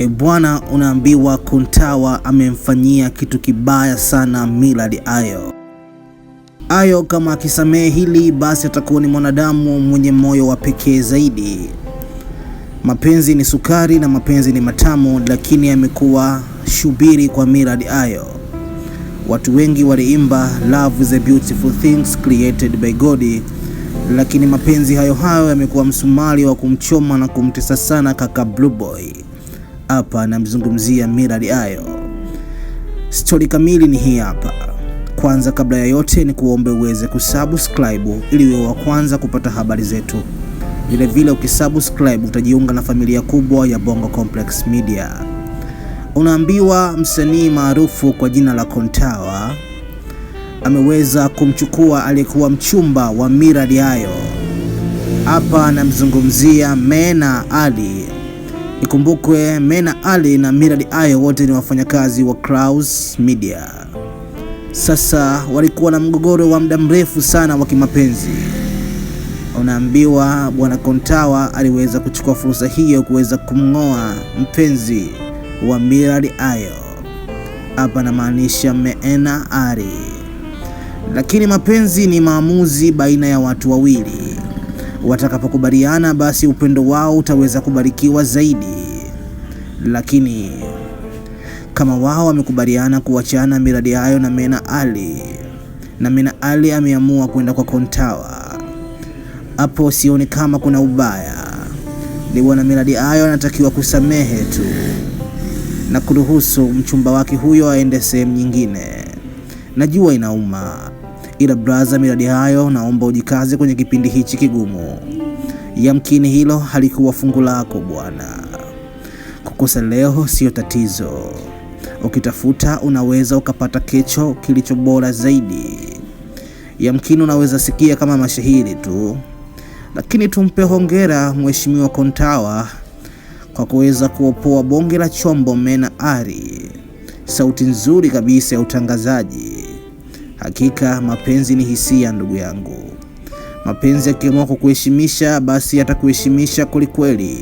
E bwana, unaambiwa kuntawa amemfanyia kitu kibaya sana Millard Ayo. Ayo kama akisamehe hili, basi atakuwa ni mwanadamu mwenye moyo wa pekee zaidi. Mapenzi ni sukari na mapenzi ni matamu, lakini amekuwa shubiri kwa Millard Ayo. Watu wengi waliimba love is a beautiful things created by God, lakini mapenzi hayo hayo yamekuwa msumari wa kumchoma na kumtesa sana kaka Blue Boy. Hapa namzungumzia Millard Ayo. Stori kamili ni hii hapa. Kwanza kabla ya yote, ni kuombe uweze kusubscribe ili uwe wa kwanza kupata habari zetu. Vilevile ukisubscribe utajiunga na familia kubwa ya Bongo Complex Media. Unaambiwa msanii maarufu kwa jina la Kontawa ameweza kumchukua aliyekuwa mchumba wa Millard Ayo. Hapa anamzungumzia Mena Ali Ikumbukwe Mena Ali na Miradi Ayo wote ni wafanyakazi wa Clouds Media. Sasa walikuwa na mgogoro wa muda mrefu sana wa kimapenzi. Unaambiwa bwana Kontawa aliweza kuchukua fursa hiyo kuweza kumng'oa mpenzi wa Miradi Ayo, hapa namaanisha Meena Ali. Lakini mapenzi ni maamuzi baina ya watu wawili Watakapokubaliana basi upendo wao utaweza kubarikiwa zaidi, lakini kama wao wamekubaliana kuachana miradi hayo na Mena Ali na Mena Ali ameamua kwenda kwa Kontawa, hapo sioni kama kuna ubaya. Ni bwana miradi hayo anatakiwa kusamehe tu na kuruhusu mchumba wake huyo aende sehemu nyingine. Najua inauma Ila braza, miradi hayo naomba ujikaze kwenye kipindi hichi kigumu. Yamkini hilo halikuwa fungu lako bwana. Kukosa leo siyo tatizo, ukitafuta unaweza ukapata kecho kilicho bora zaidi. Yamkini unaweza sikia kama mashahiri tu, lakini tumpe hongera Mheshimiwa Kontawa kwa kuweza kuopoa bonge la chombo mena ari, sauti nzuri kabisa ya utangazaji. Hakika mapenzi ni hisia, ndugu yangu. Mapenzi yakiamua kukuheshimisha, basi yatakuheshimisha kwelikweli,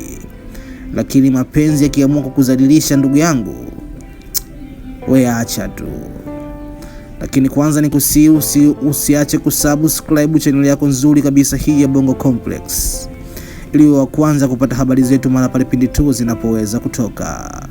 lakini mapenzi yakiamua kukuzalilisha, ndugu yangu, we acha tu. Lakini kwanza ni kusi usi, usiache kusubscribe channel yako nzuri kabisa hii ya Bongo Complex ili wa kwanza kupata habari zetu mara pale pindi tu zinapoweza kutoka.